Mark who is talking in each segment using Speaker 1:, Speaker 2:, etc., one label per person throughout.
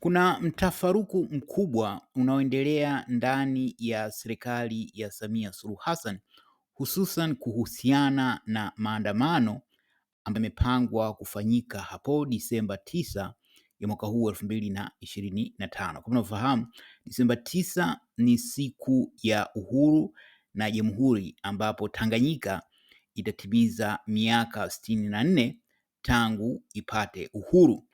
Speaker 1: Kuna mtafaruku mkubwa unaoendelea ndani ya serikali ya Samia Suluhu Hassan hususan kuhusiana na maandamano ambayo yamepangwa kufanyika hapo Disemba tisa ya mwaka huu elfu mbili na ishirini na tano. Kama unavyofahamu, Disemba tisa ni siku ya uhuru na jamhuri ambapo Tanganyika itatimiza miaka sitini na nne tangu ipate uhuru.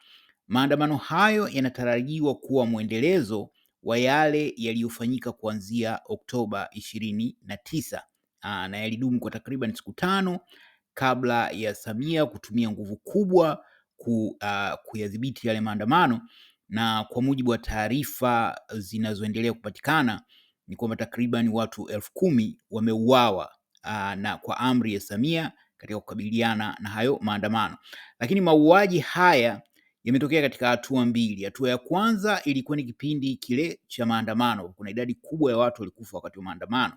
Speaker 1: Maandamano hayo yanatarajiwa kuwa mwendelezo wa yale yaliyofanyika kuanzia Oktoba ishirini na tisa na yalidumu kwa takriban siku tano kabla ya Samia kutumia nguvu kubwa ku, uh, kuyadhibiti yale maandamano, na kwa mujibu wa taarifa zinazoendelea kupatikana ni kwamba takriban watu elfu kumi wameuawa uh, na kwa amri ya Samia katika kukabiliana na hayo maandamano, lakini mauaji haya yametokea katika hatua mbili. Hatua ya kwanza ilikuwa ni kipindi kile cha maandamano, kuna idadi kubwa ya watu walikufa wakati wa maandamano,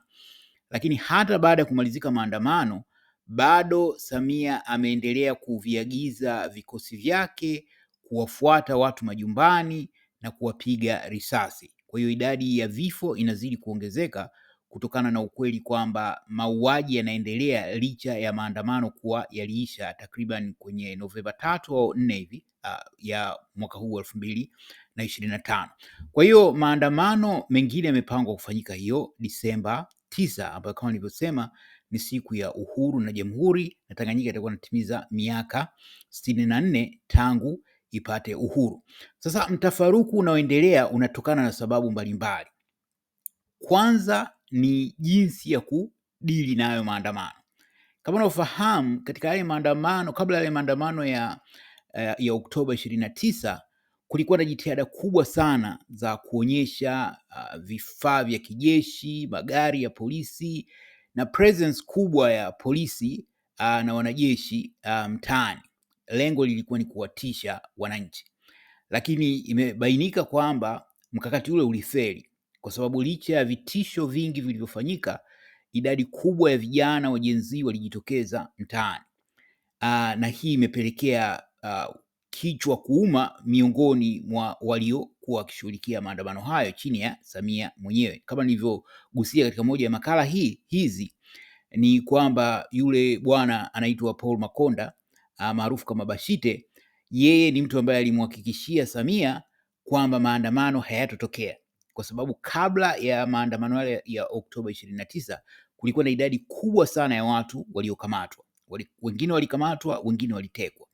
Speaker 1: lakini hata baada ya kumalizika maandamano bado Samia ameendelea kuviagiza vikosi vyake kuwafuata watu majumbani na kuwapiga risasi. Kwa hiyo idadi ya vifo inazidi kuongezeka kutokana na ukweli kwamba mauaji yanaendelea licha ya maandamano kuwa yaliisha takriban kwenye Novemba tatu au nne hivi uh, ya mwaka huu elfu mbili na ishirini na tano. Kwa hiyo maandamano mengine yamepangwa kufanyika hiyo Disemba tisa ambayo kama nilivyosema ni siku ya uhuru na jamhuri, na Tanganyika itakuwa inatimiza miaka sitini na nne tangu ipate uhuru. Sasa mtafaruku unaoendelea unatokana na sababu mbalimbali. Kwanza ni jinsi ya kudili na maandamano. Kama unaofahamu katika yale maandamano, kabla yale maandamano ya, eh, ya Oktoba ishirini na tisa kulikuwa na jitihada kubwa sana za kuonyesha uh, vifaa vya kijeshi, magari ya polisi na presence kubwa ya polisi uh, na wanajeshi ah, mtaani. Um, lengo lilikuwa ni kuwatisha wananchi, lakini imebainika kwamba mkakati ule ulifeli kwa sababu licha ya vitisho vingi vilivyofanyika, idadi kubwa ya vijana wa Gen Z walijitokeza mtaani, ah, na hii imepelekea uh, kichwa kuuma miongoni mwa waliokuwa wakishughulikia maandamano hayo chini ya Samia mwenyewe. Kama nilivyogusia katika moja ya makala hii hizi ni kwamba yule bwana anaitwa Paul Makonda ah, maarufu kama Bashite, yeye ni mtu ambaye alimhakikishia Samia kwamba maandamano hayatotokea kwa sababu kabla ya maandamano yale ya Oktoba 29 kulikuwa na idadi kubwa sana ya watu waliokamatwa wali, wengine walikamatwa, wengine walitekwa,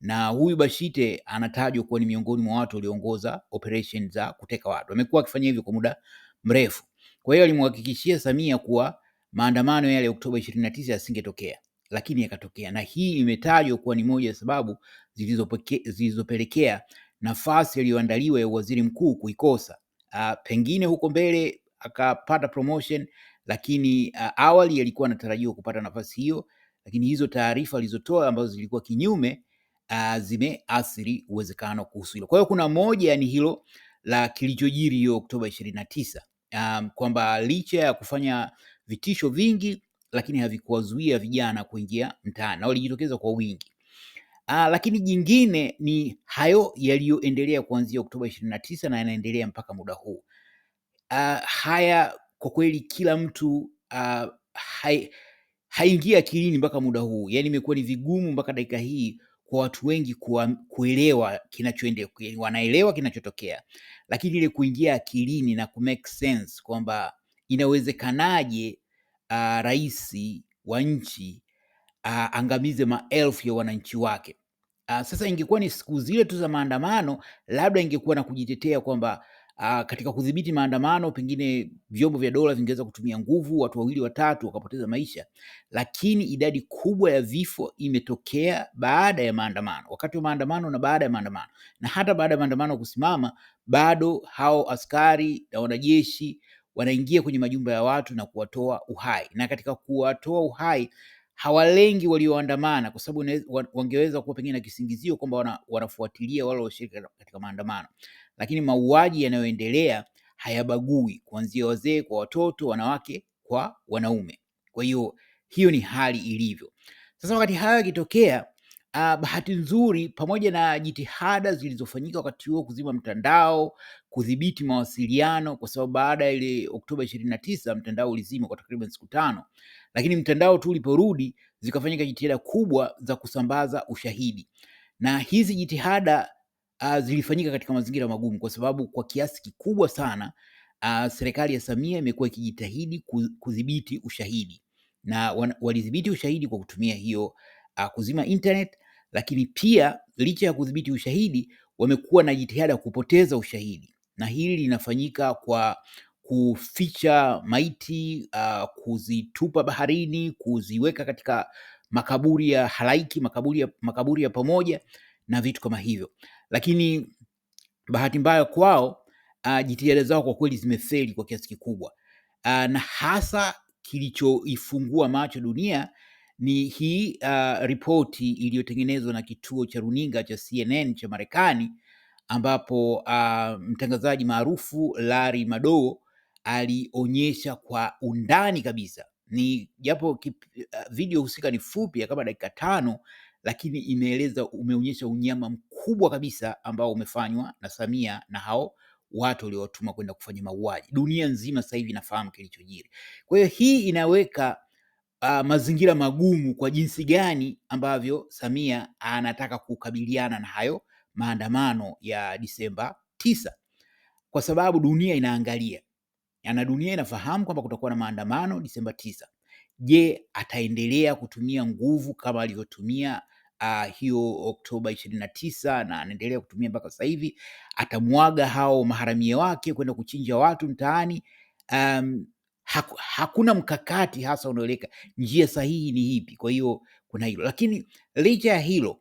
Speaker 1: na huyu Bashite anatajwa kuwa ni miongoni mwa watu walioongoza operation za kuteka watu. Amekuwa akifanya hivyo kwa muda mrefu. Kwa hiyo alimhakikishia Samia kuwa maandamano yale Oktoba 29 yasingetokea, lakini yakatokea, na hii imetajwa kuwa ni moja ya sababu zilizopelekea nafasi iliyoandaliwa ya waziri mkuu kuikosa uh, pengine huko mbele akapata promotion, lakini uh, awali alikuwa anatarajiwa kupata nafasi hiyo, lakini hizo taarifa alizotoa ambazo zilikuwa kinyume uh, zimeathiri uwezekano kuhusu hilo. Kwa hiyo kuna moja ni hilo la kilichojiri hiyo Oktoba ishirini na tisa um, kwamba licha ya kufanya vitisho vingi, lakini havikuwazuia vijana kuingia mtaani na walijitokeza kwa wingi. Aa, ah, lakini jingine ni hayo yaliyoendelea kuanzia Oktoba ishirini na tisa na yanaendelea mpaka muda huu. Aa, ah, haya kwa kweli kila mtu aa, ah, hai, haingia akilini mpaka muda huu, yaani imekuwa ni vigumu mpaka dakika hii kwa watu wengi kuelewa kinachoendelea. Wanaelewa kinachotokea, lakini ile kuingia akilini na ku make sense kwamba inawezekanaje rais wa nchi aangamize ah, maelfu ya wananchi wake. A, ah, sasa ingekuwa ni siku zile tu za maandamano, labda ingekuwa na kujitetea kwamba Uh, katika kudhibiti maandamano pengine vyombo vya dola vingeweza kutumia nguvu, watu wawili watatu wakapoteza maisha, lakini idadi kubwa ya vifo imetokea baada ya maandamano, wakati wa maandamano na baada ya maandamano. Na hata baada ya maandamano kusimama, bado hao askari na wanajeshi wanaingia kwenye majumba ya watu na kuwatoa uhai, na katika kuwatoa uhai hawalengi walioandamana, kwa sababu wangeweza kuwa pengine na kisingizio kwamba wana, wanafuatilia wale walioshiriki katika maandamano, lakini mauaji yanayoendelea hayabagui, kuanzia wazee kwa watoto, wanawake kwa wanaume. Kwa hiyo hiyo ni hali ilivyo sasa. Wakati hayo yakitokea, uh, bahati nzuri, pamoja na jitihada zilizofanyika wakati huo kuzima mtandao, kudhibiti mawasiliano, kwa sababu baada ya ile Oktoba ishirini na tisa mtandao ulizima kwa takriban siku tano, lakini mtandao tu uliporudi, zikafanyika jitihada kubwa za kusambaza ushahidi, na hizi jitihada uh, zilifanyika katika mazingira magumu, kwa sababu kwa kiasi kikubwa sana uh, serikali ya Samia imekuwa ikijitahidi kudhibiti ushahidi na walidhibiti ushahidi kwa kutumia hiyo uh, kuzima internet, lakini pia licha ya kudhibiti ushahidi wamekuwa na jitihada ya kupoteza ushahidi, na hili linafanyika kwa kuficha maiti uh, kuzitupa baharini, kuziweka katika makaburi ya halaiki, makaburi ya, makaburi ya pamoja na vitu kama hivyo, lakini bahati mbaya kwao, uh, jitihada zao kwa kweli zimefeli kwa kiasi kikubwa uh, na hasa kilichoifungua macho dunia ni hii uh, ripoti iliyotengenezwa na kituo cha runinga cha CNN cha Marekani ambapo uh, mtangazaji maarufu Larry Madowo alionyesha kwa undani kabisa, ni japo eh, video husika ni fupi kama dakika tano, lakini imeeleza umeonyesha unyama mkubwa kabisa ambao umefanywa na Samia na hao watu waliowatuma kwenda kufanya mauaji. Dunia nzima sasa hivi inafahamu kilichojiri. Kwa hiyo hii inaweka uh, mazingira magumu kwa jinsi gani ambavyo Samia anataka kukabiliana na hayo maandamano ya Disemba tisa, kwa sababu dunia inaangalia Yaani, na dunia inafahamu kwamba kutakuwa na maandamano Disemba tisa. Je, ataendelea kutumia nguvu kama alivyotumia uh, hiyo Oktoba ishirini na tisa na anaendelea kutumia mpaka sasa hivi? Atamwaga hao maharamia wake kwenda kuchinja watu mtaani? um, hakuna mkakati hasa unaoeleka njia sahihi ni ipi. Kwa hiyo kuna hilo, lakini licha ya hilo,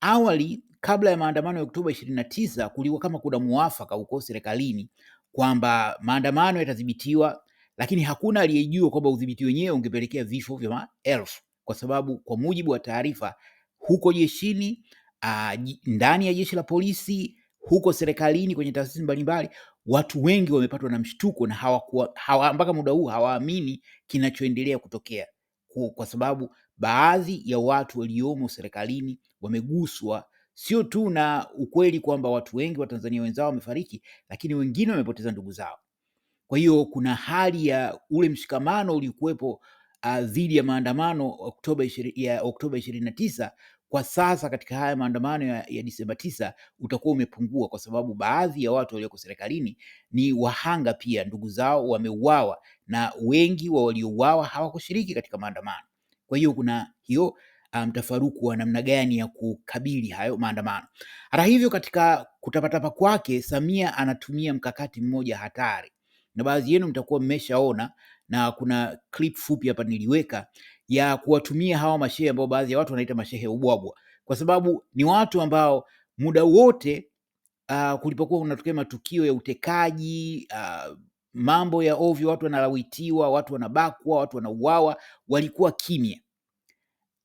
Speaker 1: awali kabla ya maandamano ya Oktoba ishirini na tisa kulikuwa kama kuna muafaka huko serikalini kwamba maandamano yatadhibitiwa, lakini hakuna aliyejua kwamba udhibiti wenyewe ungepelekea vifo vya maelfu, kwa sababu kwa mujibu wa taarifa huko jeshini, uh, ndani ya jeshi la polisi, huko serikalini, kwenye taasisi mbalimbali, watu wengi wamepatwa na mshtuko na hawakuwa hawa, mpaka muda huu hawaamini kinachoendelea kutokea kwa, kwa sababu baadhi ya watu waliomo serikalini wameguswa sio tu na ukweli kwamba watu wengi wa Tanzania wenzao wamefariki, lakini wengine wamepoteza ndugu zao. Kwa hiyo kuna hali ya ule mshikamano uliokuwepo ah, dhidi uh, ya maandamano Oktoba ya Oktoba ishirini na tisa kwa sasa katika haya maandamano ya, ya Disemba tisa utakuwa umepungua, kwa sababu baadhi ya watu walioko serikalini ni wahanga pia, ndugu zao wameuawa, na wengi wa waliouawa hawakushiriki katika maandamano. Kwa hiyo kuna hiyo mtafaruku um, wa namna gani ya kukabili hayo maandamano. Hata hivyo, katika kutapatapa kwake, Samia anatumia mkakati mmoja hatari, na baadhi yenu mtakuwa mmeshaona, na kuna clip fupi hapa niliweka ya kuwatumia hawa mashehe ambao baadhi ya watu wanaita mashehe ubwabwa, kwa sababu ni watu ambao muda wote uh, kulipokuwa kunatokea matukio ya utekaji uh, mambo ya ovyo, watu wanalawitiwa, watu wanabakwa, watu wanauawa, walikuwa kimya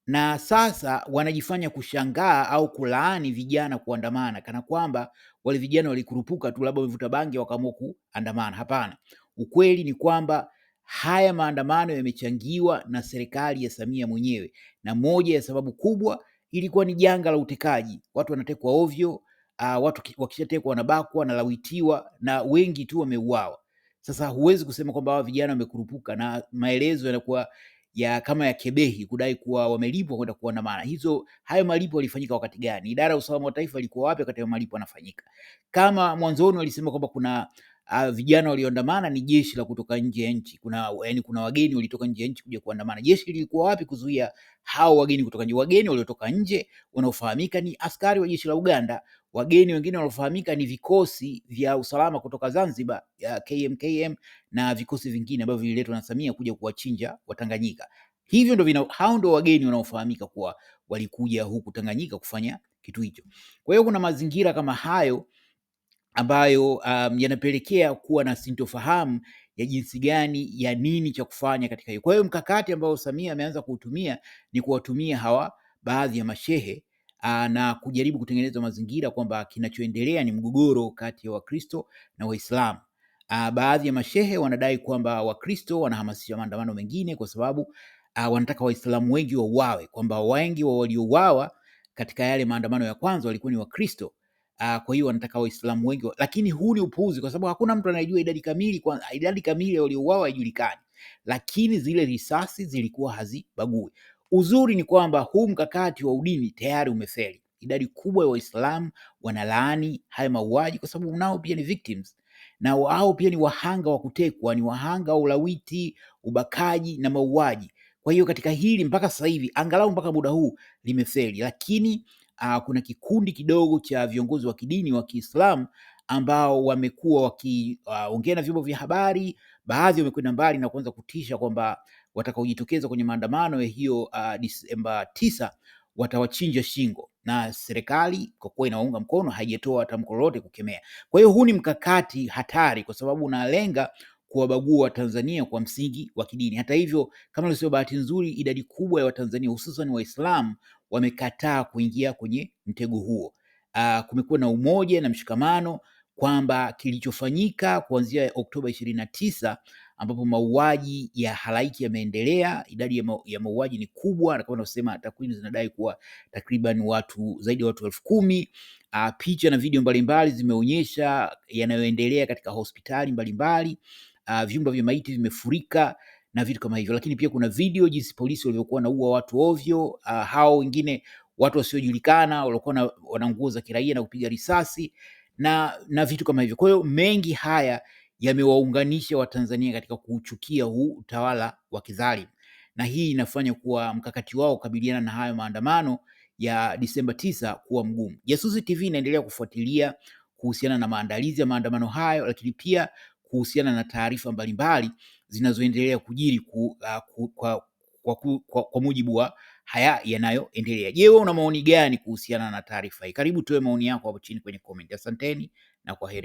Speaker 1: na sasa wanajifanya kushangaa au kulaani vijana kuandamana, kana kwamba wale vijana walikurupuka tu, labda wamevuta bangi wakaamua kuandamana. Hapana, ukweli ni kwamba haya maandamano yamechangiwa na serikali ya Samia mwenyewe, na moja ya sababu kubwa ilikuwa ni janga la utekaji. Watu wanatekwa ovyo. Uh, watu wakishatekwa wanabakwa, wanalawitiwa na wengi tu wameuawa. Sasa huwezi kusema kwamba hawa vijana wamekurupuka, na maelezo yanakuwa ya kama ya Kebehi kudai kuwa wamelipwa kwenda kuandamana. Hizo hayo malipo yalifanyika wakati gani? Idara ya usalama wa taifa ilikuwa wapi wakati hayo malipo yanafanyika? Kama mwanzoni walisema kwamba kuna uh, vijana walioandamana ni jeshi la kutoka nje ya nchi, kuna yani, kuna wageni walitoka nje ya nchi kuja kuandamana, jeshi lilikuwa wapi kuzuia hao wageni kutoka nje? Wageni waliotoka nje wanaofahamika ni askari wa jeshi la Uganda wageni wengine walofahamika ni vikosi vya usalama kutoka Zanzibar ya KMKM na vikosi vingine ambavyo vililetwa na Samia kuja kuwachinja Watanganyika. Hivyo ndio hao ndio wageni wanaofahamika kuwa walikuja huku Tanganyika kufanya kitu hicho. Kwa hiyo kuna mazingira kama hayo ambayo um, yanapelekea kuwa na sintofahamu ya jinsi gani ya nini cha kufanya katika hiyo. Kwa hiyo mkakati ambao Samia ameanza kuutumia ni kuwatumia hawa baadhi ya mashehe Ah, na kujaribu kutengeneza mazingira kwamba kinachoendelea ni mgogoro kati ya Wakristo na Waislamu. Ah, baadhi ya mashehe wanadai kwamba Wakristo wanahamasisha maandamano mengine kwa sababu ah, wanataka Waislamu wengi wauawe, kwamba wengi wa waliouawa katika yale maandamano ya kwanza walikuwa ni Wakristo. Kwa hiyo wanataka Waislamu wengi wa... lakini huu ni upuuzi, kwa sababu hakuna mtu anayejua idadi kamili kwa... idadi kamili ya waliouawa haijulikani, lakini zile risasi zilikuwa hazibagui. Uzuri ni kwamba huu mkakati wa udini tayari umefeli. Idadi kubwa ya Waislamu wanalaani haya mauaji kwa sababu nao pia ni victims na wao pia ni wahanga wa kutekwa, ni wahanga wa ulawiti, ubakaji na mauaji. Kwa hiyo katika hili mpaka sasa hivi, angalau mpaka muda huu limefeli, lakini aa, ah, kuna kikundi kidogo cha viongozi wa kidini wa Kiislamu ambao wamekuwa wakiongea ah, na vyombo vya habari. Baadhi wamekwenda mbali na kuanza kutisha kwamba watakaojitokeza kwenye maandamano ya hiyo uh, Disemba tisa watawachinja shingo, na serikali kwa kuwa inaunga mkono haijatoa tamko lolote kukemea. Kwa hiyo huu ni mkakati hatari, kwa sababu unalenga kuwabagua Watanzania kwa msingi wa kidini. Hata hivyo, kama ilivyo bahati nzuri, idadi kubwa ya Watanzania hususan Waislamu wamekataa kuingia kwenye mtego huo. Uh, kumekuwa na umoja na mshikamano kwamba kilichofanyika kuanzia Oktoba ishirini na tisa ambapo mauaji ya halaiki yameendelea. Idadi ya, ya mauaji ni kubwa, na kama unavyosema takwimu zinadai kuwa takriban watu zaidi ya watu elfu kumi. Uh, picha na video mbalimbali zimeonyesha yanayoendelea katika hospitali mbalimbali. Uh, vyumba vya maiti vimefurika na vitu kama hivyo, lakini pia kuna video jinsi polisi walivyokuwa wanaua watu ovyo. Uh, hao wengine watu wasiojulikana waliokuwa wana nguo za kiraia na kupiga risasi na, na vitu kama hivyo. Kwa hiyo mengi haya yamewaunganisha Watanzania katika kuuchukia huu utawala wa kidhalimu, na hii inafanya kuwa mkakati wao kukabiliana na hayo maandamano ya Disemba tisa kuwa mgumu. Jasusi TV inaendelea kufuatilia kuhusiana na maandalizi ya maandamano hayo, lakini pia kuhusiana na taarifa mbalimbali zinazoendelea kujiri ku, uh, ku, kwa, kwa, kwa, kwa mujibu wa haya yanayoendelea. Je, wewe una maoni gani kuhusiana na taarifa hii? Karibu tuwe maoni yako hapo chini kwenye comment. Asanteni na kwaheri.